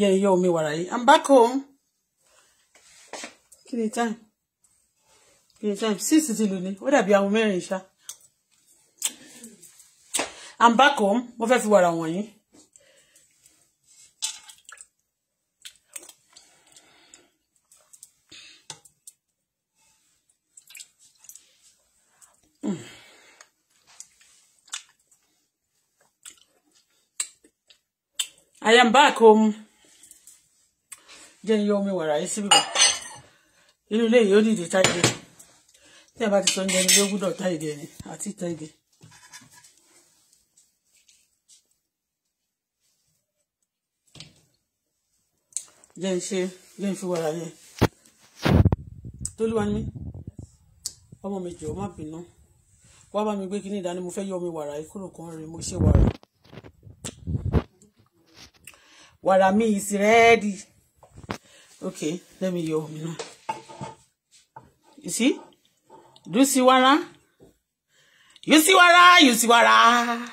jẹ́ iyọ̀ omi wàrà yìí i'm back home Give ni time Give ni time six ti lù ní what dàbí àwọn mẹ́rin ṣá i'm back home mo fẹ́ fi wàrà wọ̀nyí. I am back home jẹ́ iye omi wàrà yìí síbí irú ilé yìí ó dìde táyé tí a bá ti sọ oúnjẹ nílé ó gbúdọ̀ ẹni àti táyé. jẹ́ ń ṣe jẹ́ ń fi wàrà yẹn tolúwa ní ọmọ mi jọ̀ọ́ má bínú wá bá mi gbé kíní ìdání mo fẹ́ yọ omi wàrà yìí kúrò kan rèé mo ṣe wàrà wàrà mi is ready okay let me yọ omi now. you see do you see wara you see wara you see wara.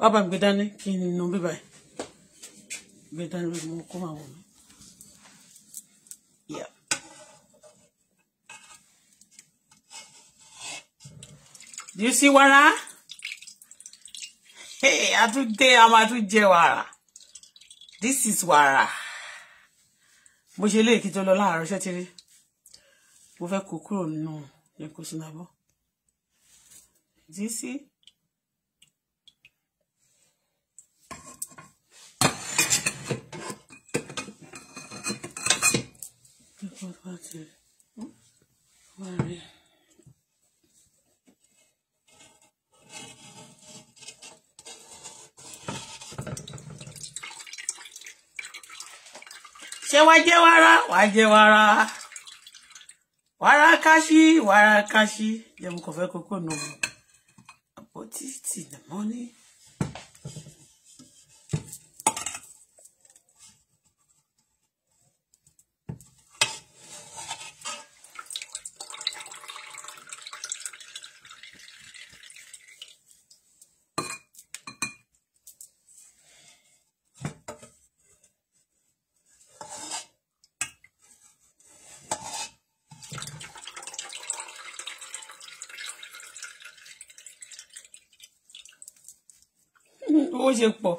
wá bá mi gbé dání kí n nu bíbá yìí mo kó máa wọ̀ mí. you see Wara? hey a day I'm a máa tún jẹ this is Wara. mo ṣe léèkì tó lọ láàárọ̀ ṣẹtiri mo fẹ́ kó kúrò nínú yẹn kó sínú abọ́ do you see. What about it? Hmm? Where are ṣé wàá jẹ́ wàrà wàá jẹ́ wàrà wàrà káṣí wàrà káṣí jẹ́ mo kàn fẹ́ kókó nù àpótí tì nà mọ́ ní. bó ṣe pọ̀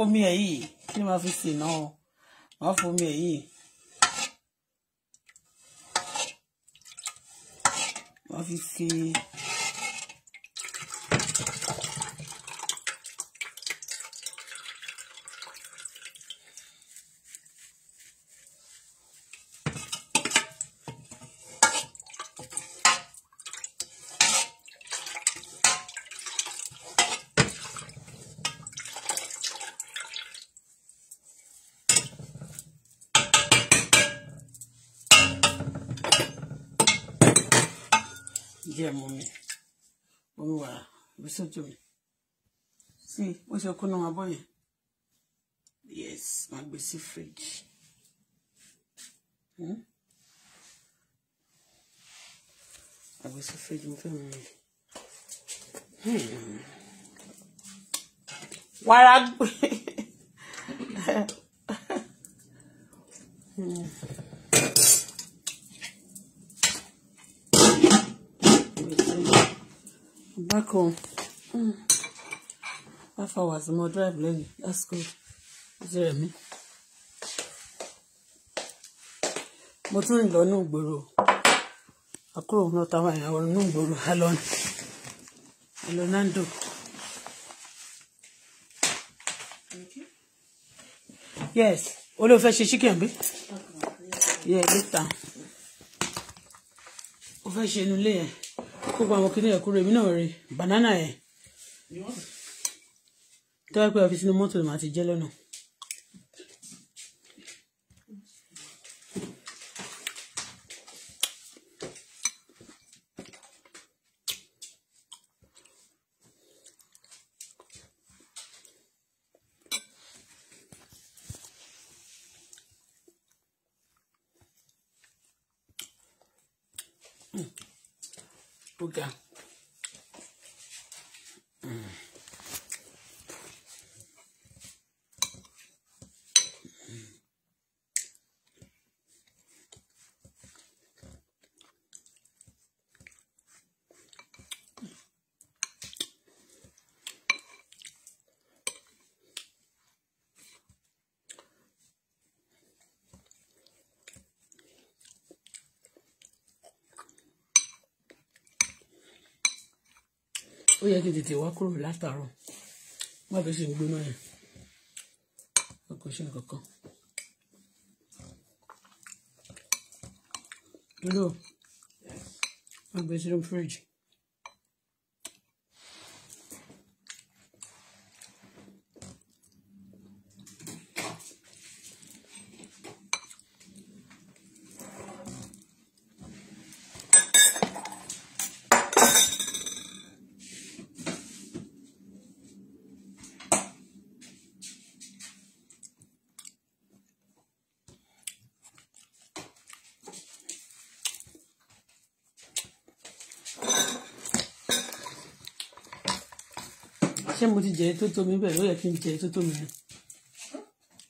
omi ẹ̀ yìí kí ni màá fi sè náà màá fọ omi ẹ̀ yìí màá fi sè é. díẹ̀ mu mi omi wàrà mi mi sí bó ṣe kúnná wọn bọ́ yes máa gbé sí fridge. Hmm? àgbẹ̀ sí fridge mo fẹ́ mu mi. Hmm. wàrà gbé. Hmm. welcome mm. half hours mo drive lẹ́yìn that's good zero mi mo tún rìn lọ ní ìgboro àkúrò náà táwọn èèyàn wọ ní ìgboro alon alonando. yes chicken bi? yeah later o gbogbo àwọn kìnìún ẹ̀kú rèmi náà rè banana yẹn tó wá pé ọfíìsì ní mọ́tò lè máa ti jẹ́ lọ́nà. program. ó yẹ kí n tètè wá kúrò látàárọ̀ má fi ṣe ń gbóná yẹn ọkọ̀ ṣe kankan. Hello, I'm busy in the fridge. ṣé mo ti jẹ tó tó mi bẹ́ẹ̀ ló yẹ kí n jẹ tó tó mi ni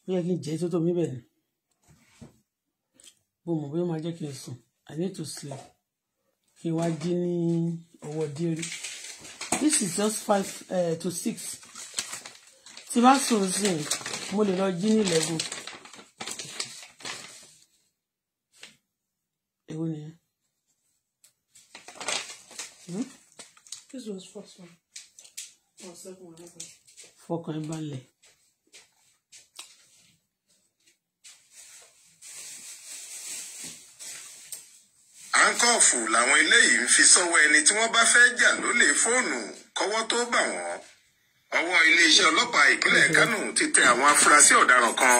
ló yẹ kí n jẹ tó tó mi bẹ́ẹ̀ bó mọ̀ bóyá ó máa jẹ́ kí n sùn I need to sleep kí n wá jí ní ọwọ́ díẹ̀rí this is just five uh, to six tí bá sùn sí mo lè lọ jí ní eleven èwo nìyẹn. Hmm? This was first one fọkàn balẹ̀. àńkọ́ọ̀fù làwọn eléyìí ń fi sọ́wọ́ ẹni tí wọ́n bá fẹ́ jà lólè fóònù kọ́wọ́ tó bà wọ́n ọwọ́ iléeṣẹ́ ọlọ́pàá ìpínlẹ̀ Kánò ti tẹ àwọn afurasí ọ̀daràn kan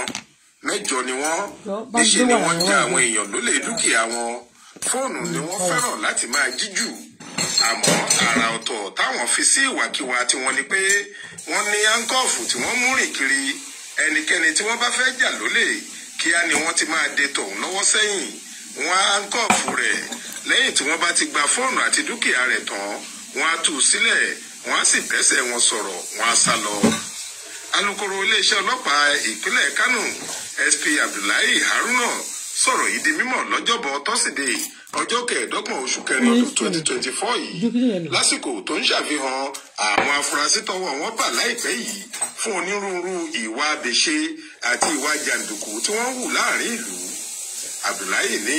mẹ́jọ ni wọ́n níṣẹ́ ni wọ́n já àwọn èèyàn lólè dúkìá wọn fóònù ni wọ́n fẹ́ràn láti máa jí jù àmọ́ àrà ọ̀tọ̀ táwọn fi sí ìwàkiwà tiwọn ni pé wọ́n ní áńkọ́ọ̀fù tí wọ́n mú rìn kiri ẹnikẹ́ni tí wọ́n bá fẹ́ jà lólè kíá ni wọ́n ti máa de tọ̀hún lọ́wọ́ sẹ́yìn wọ́n áńkọ́ọ̀fù rẹ̀ lẹ́yìn tí wọ́n bá ti gba fóònù àti dúkìá rẹ̀ tán wọ́n á tú u sílẹ̀ wọ́n á sì bẹ́sẹ̀ wọn sọ̀rọ̀ wọ́n á sá lọ. alukoro iléeṣẹ́ ọlọ́pàá ìpínlẹ̀ Kánò SP Abdullahi Haruna sọ̀rọ̀ yìí di mímọ̀ lọ́jọ́bọ̀ tọ́sídẹ̀ẹ́ ọjọ́ kẹẹ̀ẹ́dọ́gbọ̀n oṣù kẹrin ọdún twenty twenty four yìí lásìkò tó ń ṣàfihàn àwọn afurasí tọ́wọ́ wọn bà láìpẹ́ yìí fún onírúurú ìwà àbèṣe àti ìwà jàǹdùkú tí wọ́n ń hù láàrin ìlú Abdullahi ní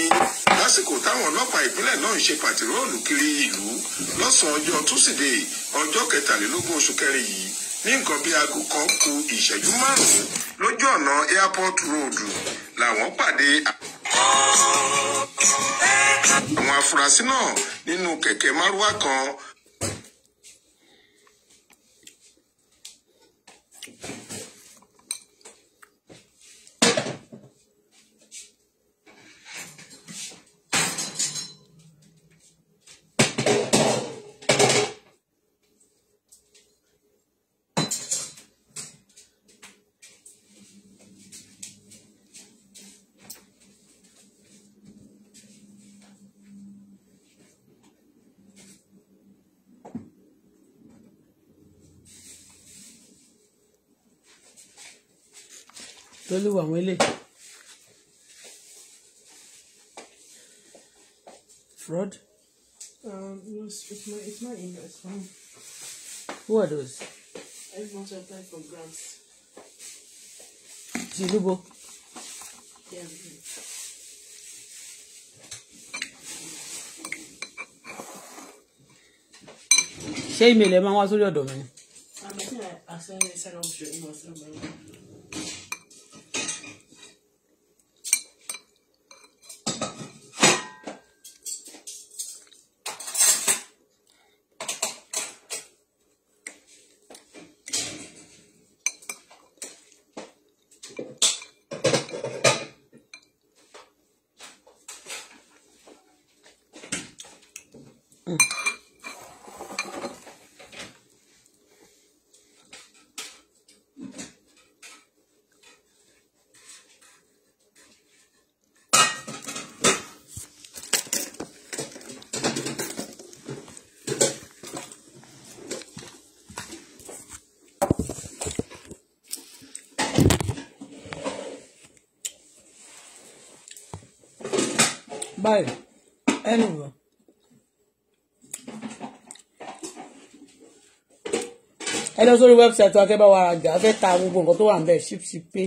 lásìkò táwọn ọlọ́pàá ìpínlẹ̀ náà ń ṣe pàtiróòlù kiri ìlú lọ́sàn-án ọjọ́ túsídẹ̀ẹ́ ọjọ́ kẹtàlélógún oṣù kẹrin yìí ní nǹkan bíi aago kan ku ìṣẹ́jú márùn-ún lójú ọ̀nà airport road làwọn pàdé àwọn àwọn afurasí náà nínú kẹ̀kẹ́ márúwá kan lọ́lọ́wọ́ àwọn ilé fraud. Um, no, it's my, it's my email, it's fine. Who are those? Everyone should apply for grants. Tinubu. Yeah. ṣé email ẹ máa ń wá sórí ọ̀dọ̀ mi. I'm making an assignment to send off your email. Bye. Anyway. ẹ lọ sórí wẹ́bsáìtì wa kẹ́ bá wa ra jà fẹ́ ta gbogbo nǹkan tó wà ń bẹ̀ ṣípṣípé.